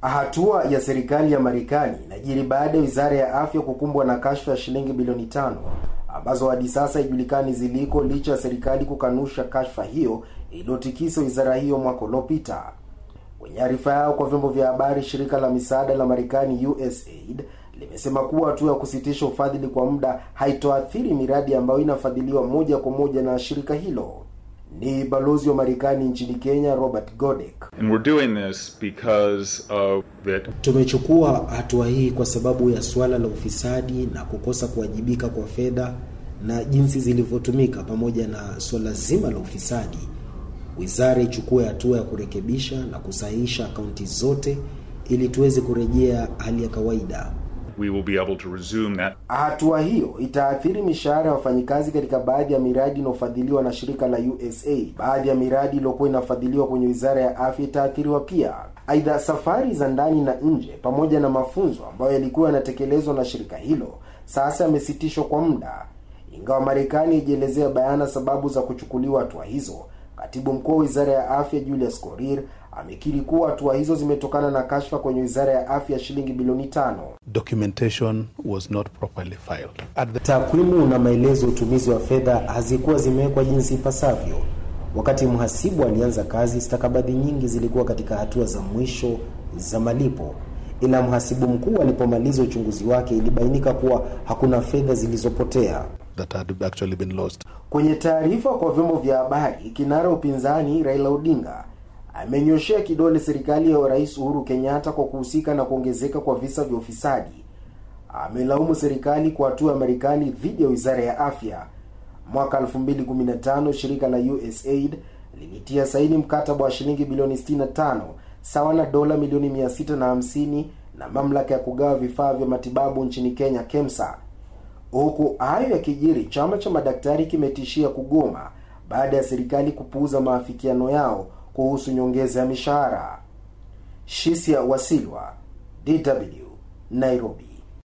Hatua ya serikali ya Marekani inajiri baada ya wizara ya afya kukumbwa na kashfa ya shilingi bilioni tano ambazo hadi sasa haijulikani ziliko licha ya serikali kukanusha kashfa hiyo iliyotikisa wizara hiyo mwaka uliopita. Kwenye arifa yao kwa vyombo vya habari, shirika la misaada la Marekani USAID limesema kuwa hatua ya kusitisha ufadhili kwa muda haitoathiri miradi ambayo inafadhiliwa moja kwa moja na shirika hilo ni balozi wa Marekani nchini Kenya Robert Godek. And we're doing this because of that. Tumechukua hatua hii kwa sababu ya suala la ufisadi na kukosa kuwajibika kwa fedha na jinsi zilivyotumika pamoja na suala zima la ufisadi. Wizara ichukue hatua ya kurekebisha na kusahihisha akaunti zote ili tuweze kurejea hali ya kawaida we will be able to resume that. Hatua hiyo itaathiri mishahara ya wafanyikazi katika baadhi ya miradi inayofadhiliwa na shirika la usa Baadhi ya miradi iliyokuwa inafadhiliwa kwenye wizara ya afya itaathiriwa pia. Aidha, safari za ndani na nje pamoja na mafunzo ambayo yalikuwa yanatekelezwa na shirika hilo sasa yamesitishwa kwa muda, ingawa Marekani haijaelezea bayana sababu za kuchukuliwa hatua hizo. Katibu mkuu wa wizara ya afya Julius Korir amekiri kuwa hatua hizo zimetokana na kashfa kwenye wizara ya afya shilingi bilioni tano. Documentation was not properly filed. At the... Takwimu na maelezo ya utumizi wa fedha hazikuwa zimewekwa jinsi ipasavyo. Wakati mhasibu alianza kazi, stakabadhi nyingi zilikuwa katika hatua za mwisho za malipo, ila mhasibu mkuu alipomaliza uchunguzi wake, ilibainika kuwa hakuna fedha zilizopotea that had actually been lost. Kwenye taarifa kwa vyombo vya habari, kinara upinzani Raila Odinga amenyoshea kidole serikali ya Rais Uhuru Kenyatta kwa kuhusika na kuongezeka kwa visa vya ufisadi. Amelaumu serikali kwa hatua ya Marekani dhidi ya Wizara ya Afya. Mwaka 2015 shirika la USAID lilitia saini mkataba wa shilingi bilioni 65 sawa na dola milioni 650 na mamlaka ya kugawa vifaa vya matibabu nchini Kenya KEMSA. Huku hayo yakijiri, chama cha madaktari kimetishia kugoma baada ya serikali kupuuza maafikiano yao kuhusu nyongeza ya mishahara. Shisia Wasilwa, DW, Nairobi.